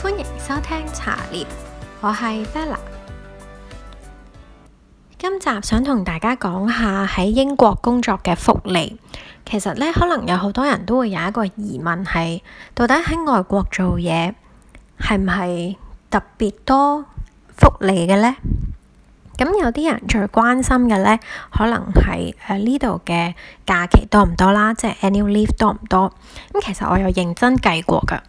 歡迎收聽茶聊。我係 Della。今集想同大家講下喺英國工作嘅福利。其實呢，可能有好多人都會有一個疑問係，到底喺外國做嘢係唔係特別多福利嘅呢？咁有啲人最關心嘅呢，可能係誒呢度嘅假期多唔多啦，即係 annual leave 多唔多？咁其實我有認真計過噶。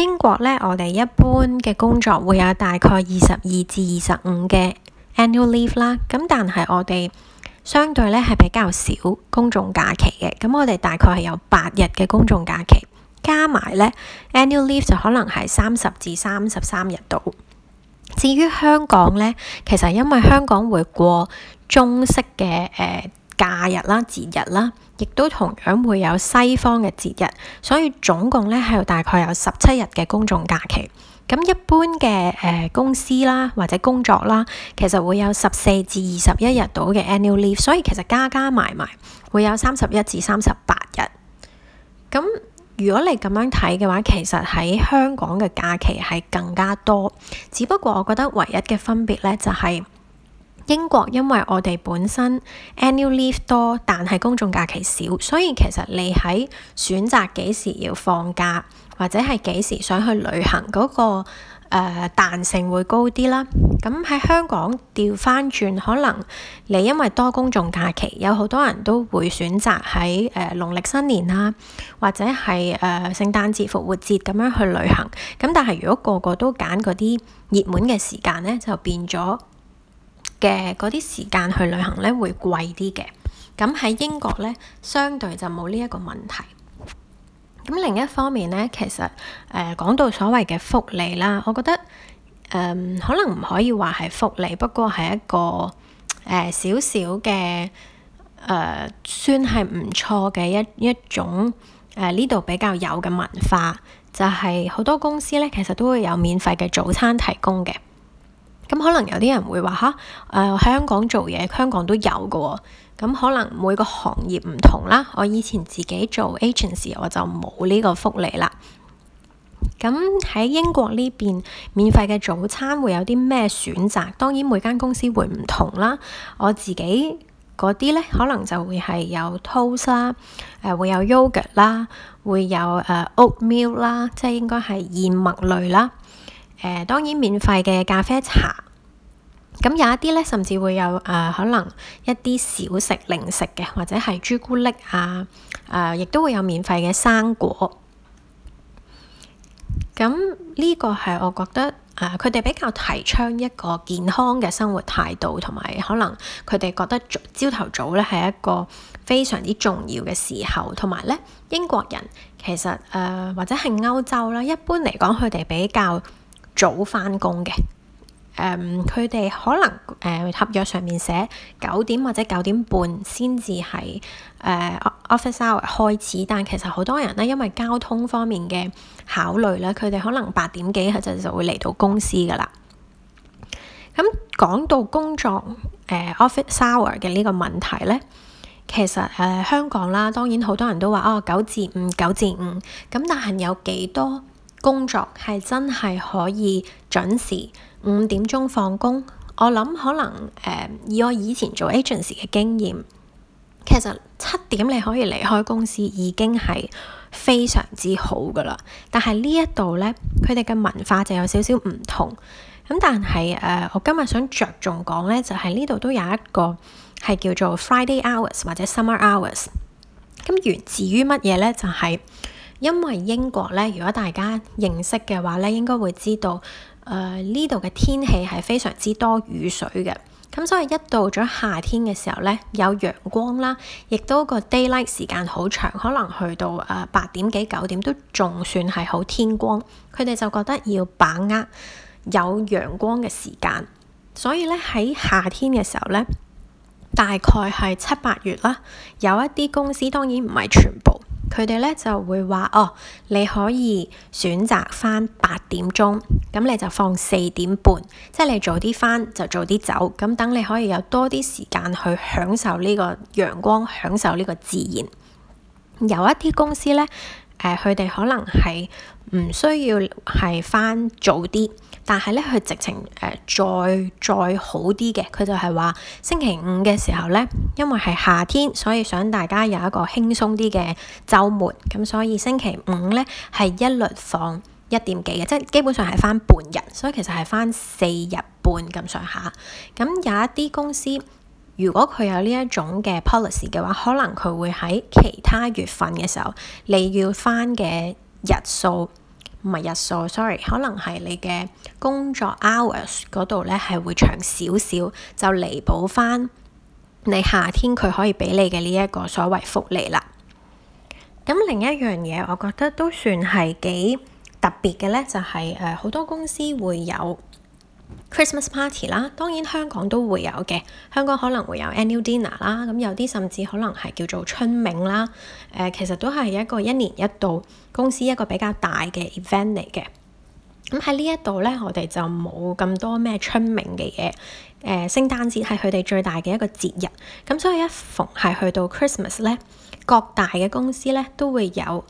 英國咧，我哋一般嘅工作會有大概二十二至二十五嘅 annual leave 啦。咁但係我哋相對咧係比較少公眾假期嘅。咁我哋大概係有八日嘅公眾假期，加埋咧 annual leave 就可能係三十至三十三日度。至於香港咧，其實因為香港會過中式嘅誒。呃假日啦、節日啦，亦都同樣會有西方嘅節日，所以總共咧係大概有十七日嘅公眾假期。咁一般嘅誒、呃、公司啦或者工作啦，其實會有十四至二十一日度嘅 annual leave，所以其實加加埋埋會有三十一至三十八日。咁如果你咁樣睇嘅話，其實喺香港嘅假期係更加多，只不過我覺得唯一嘅分別咧就係、是。英國因為我哋本身 annual leave 多，但係公眾假期少，所以其實你喺選擇幾時要放假，或者係幾時想去旅行嗰、嗰個誒彈性會高啲啦。咁喺香港掉返轉，可能你因為多公眾假期，有好多人都會選擇喺誒、呃、農曆新年啦、啊，或者係誒、呃、聖誕節、復活節咁樣去旅行。咁但係如果個個都揀嗰啲熱門嘅時間咧，就變咗。嘅嗰啲時間去旅行咧，會貴啲嘅，咁喺英國咧，相對就冇呢一個問題。咁另一方面咧，其實誒、呃、講到所謂嘅福利啦，我覺得誒、呃、可能唔可以話係福利，不過係一個誒少少嘅誒算係唔錯嘅一一種誒呢度比較有嘅文化，就係、是、好多公司咧其實都會有免費嘅早餐提供嘅。可能有啲人會話吓，誒喺、呃、香港做嘢，香港都有嘅喎、哦。咁、嗯、可能每個行業唔同啦。我以前自己做 agency，我就冇呢個福利啦。咁、嗯、喺英國呢邊免費嘅早餐會有啲咩選擇？當然每間公司會唔同啦。我自己嗰啲呢，可能就會係有 toast 啦，誒、呃、會有 yogurt 啦，會有誒 oatmeal 啦，即係應該係燕麥類啦。誒、呃、當然免費嘅咖啡茶。咁有一啲咧，甚至會有誒、呃，可能一啲小食零食嘅，或者係朱古力啊，誒、呃，亦都會有免費嘅生果。咁、嗯、呢、呢個係我覺得誒，佢、呃、哋比較提倡一個健康嘅生活態度，同埋可能佢哋覺得早朝頭早咧係一個非常之重要嘅時候，同埋咧英國人其實誒、呃、或者係歐洲啦，一般嚟講佢哋比較早翻工嘅。誒，佢哋、um, 可能誒、呃、合約上面寫九點或者九點半先至係誒 office hour 開始，但其實好多人咧，因為交通方面嘅考慮咧，佢哋可能八點幾就就會嚟到公司噶啦。咁、嗯、講到工作誒、呃、office hour 嘅呢個問題咧，其實誒、呃、香港啦，當然好多人都話哦九至五九至五咁，5, 5，但係有幾多工作係真係可以準時？五點鐘放工，我諗可能誒、呃、以我以前做 agency 嘅經驗，其實七點你可以離開公司已經係非常之好噶啦。但係呢一度咧，佢哋嘅文化就有少少唔同。咁但係誒、呃，我今日想着重講咧，就係呢度都有一個係叫做 Friday hours 或者 Summer hours。咁源自於乜嘢咧？就係、是、因為英國咧，如果大家認識嘅話咧，應該會知道。誒、呢度嘅天氣係非常之多雨水嘅，咁所以一到咗夏天嘅時候呢，有陽光啦，亦都個 daylight 時間好長，可能去到誒八點幾九點都仲算係好天光。佢哋就覺得要把握有陽光嘅時間，所以呢，喺夏天嘅時候呢，大概係七八月啦，有一啲公司當然唔係全部。佢哋呢就會話，哦，你可以選擇返八點鐘，咁你就放四點半，即係你早啲返就早啲走，咁等你可以有多啲時間去享受呢個陽光，享受呢個自然。有一啲公司呢。誒，佢哋、呃、可能係唔需要係返早啲，但係咧，佢直情誒、呃、再再好啲嘅，佢就係話星期五嘅時候咧，因為係夏天，所以想大家有一個輕鬆啲嘅週末，咁所以星期五咧係一律放一點幾嘅，即係基本上係返半日，所以其實係返四日半咁上下。咁有一啲公司。如果佢有呢一種嘅 policy 嘅話，可能佢會喺其他月份嘅時候，你要翻嘅日數，唔係日數，sorry，可能係你嘅工作 hours 嗰度咧，係會長少少，就彌補翻你夏天佢可以俾你嘅呢一個所謂福利啦。咁另一樣嘢，我覺得都算係幾特別嘅咧，就係誒好多公司會有。Christmas Party 啦，當然香港都會有嘅。香港可能會有 annual dinner 啦，咁有啲甚至可能係叫做春茗啦。誒、呃，其實都係一個一年一度公司一個比較大嘅 event 嚟嘅。咁喺呢一度呢，我哋就冇咁多咩春茗嘅嘢。誒、呃，聖誕節係佢哋最大嘅一個節日。咁所以一逢係去到 Christmas 呢，各大嘅公司呢都會有。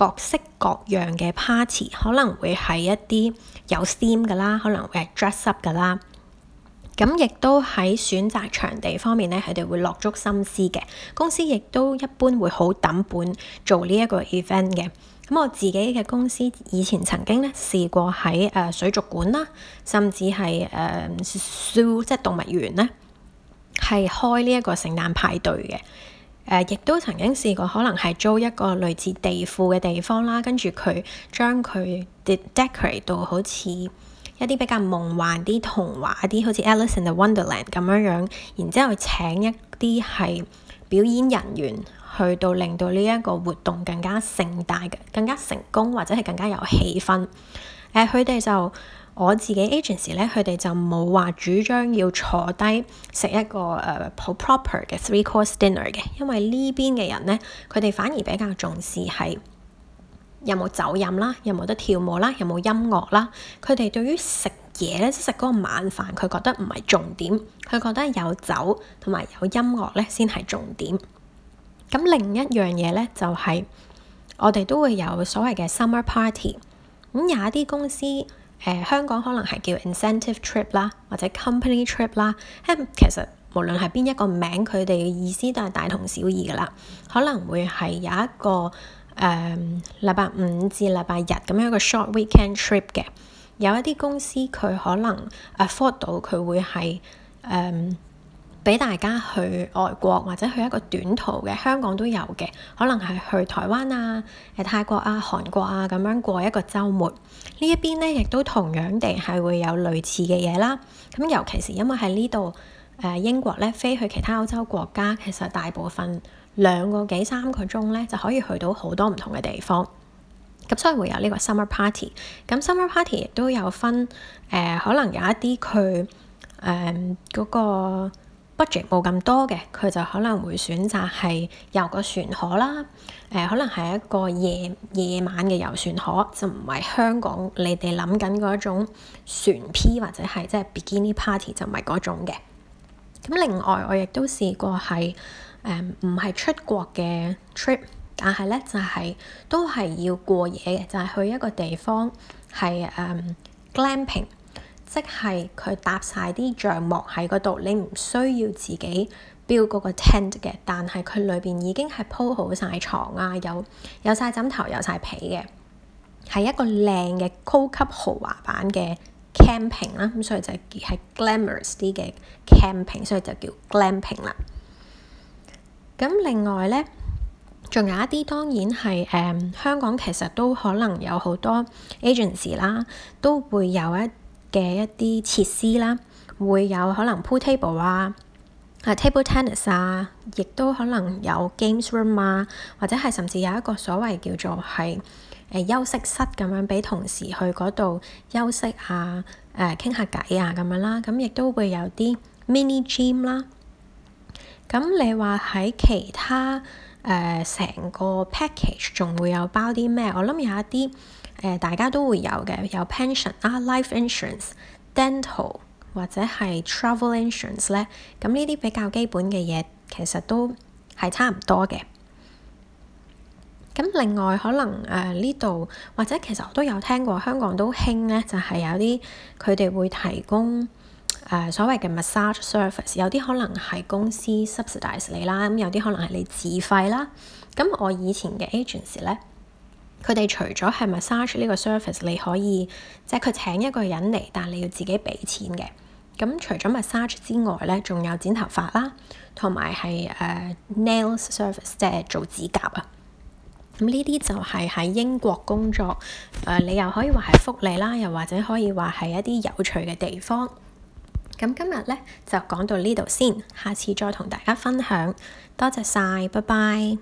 各式各樣嘅 party 可能會係一啲有 steam 嘅啦，可能會係 dress up 嘅啦。咁亦都喺選擇場地方面咧，佢哋會落足心思嘅。公司亦都一般會好揼本做呢一個 event 嘅。咁我自己嘅公司以前曾經咧試過喺誒、呃、水族館啦，甚至係誒 zoo 即動物園咧，係開呢一個聖誕派對嘅。誒，亦都曾經試過，可能係租一個類似地庫嘅地方啦，跟住佢將佢 de decorate 到好似一啲比較夢幻啲、童話啲，好似 Alice in the Wonderland 咁樣樣，然之後請一啲係表演人員去到令到呢一個活動更加盛大嘅、更加成功或者係更加有氣氛。誒、呃，佢哋就～我自己 agency 咧，佢哋就冇話主張要坐低食一個誒好、uh, proper 嘅 three-course dinner 嘅，因為呢邊嘅人咧，佢哋反而比較重視係有冇酒飲啦，有冇得跳舞啦，有冇音樂啦。佢哋對於食嘢咧，即食嗰個晚飯，佢覺得唔係重點，佢覺得有酒同埋有音樂咧先係重點。咁另一樣嘢咧就係、是、我哋都會有所謂嘅 summer party，咁、嗯、有一啲公司。誒、呃、香港可能係叫 incentive trip 啦，或者 company trip 啦。咁其實無論係邊一個名，佢哋嘅意思都係大同小異㗎啦。可能會係有一個誒禮拜五至禮拜日咁樣嘅 short weekend trip 嘅。有一啲公司佢可能 afford 到，佢會係誒。俾大家去外國或者去一個短途嘅香港都有嘅，可能係去台灣啊、誒泰國啊、韓國啊咁樣過一個週末。邊呢一邊咧，亦都同樣地係會有類似嘅嘢啦。咁尤其是因為喺呢度誒英國咧，飛去其他歐洲國家，其實大部分兩個幾三個鐘咧，就可以去到好多唔同嘅地方。咁所以會有呢個 summer party。咁 summer party 亦都有分誒、呃，可能有一啲佢誒嗰個。budget 冇咁多嘅，佢就可能會選擇係遊個船河啦，誒、呃、可能係一個夜夜晚嘅遊船河，就唔係香港你哋諗緊嗰種船 P 或者係即係 bikini party 就唔係嗰種嘅。咁另外我亦都試過係誒唔係出國嘅 trip，但係咧就係、是、都係要過夜嘅，就係、是、去一個地方係誒 glamping。即係佢搭晒啲帳幕喺嗰度，你唔需要自己標嗰個 tent 嘅。但係佢裏邊已經係鋪好晒床啊，有有晒枕頭，有晒被嘅，係一個靚嘅高級豪華版嘅 camping 啦。咁所以就係 glamorous 啲嘅 camping，所以就叫 glamping 啦。咁另外咧，仲有一啲當然係誒、嗯、香港其實都可能有好多 agency 啦，都會有一。嘅一啲設施啦，會有可能 pool table 啊，啊、uh, table tennis 啊，亦都可能有 games room 啊，或者係甚至有一個所謂叫做係誒休息室咁樣，俾同事去嗰度休息下，誒傾下偈啊咁樣啦，咁、嗯、亦都會有啲 mini gym 啦、啊。咁、嗯、你話喺其他誒成、呃、個 package 仲會有包啲咩？我諗有一啲。誒，大家都會有嘅，有 pension 啊、life insurance、dental 或者係 travel insurance 咧，咁呢啲比較基本嘅嘢，其實都係差唔多嘅。咁另外可能誒呢度，或者其實我都有聽過，香港都興咧，就係、是、有啲佢哋會提供誒、呃、所謂嘅 massage service，有啲可能係公司 subsidize 你啦，咁有啲可能係你自費啦。咁我以前嘅 agents 咧。佢哋除咗係 massage 呢個 service，你可以即係佢請一個人嚟，但係你要自己俾錢嘅。咁除咗 massage 之外咧，仲有剪頭髮啦，同埋係誒、uh, nail service，即係做指甲啊。咁呢啲就係喺英國工作誒、呃，你又可以話係福利啦，又或者可以話係一啲有趣嘅地方。咁今日咧就講到呢度先，下次再同大家分享。多謝晒，拜拜。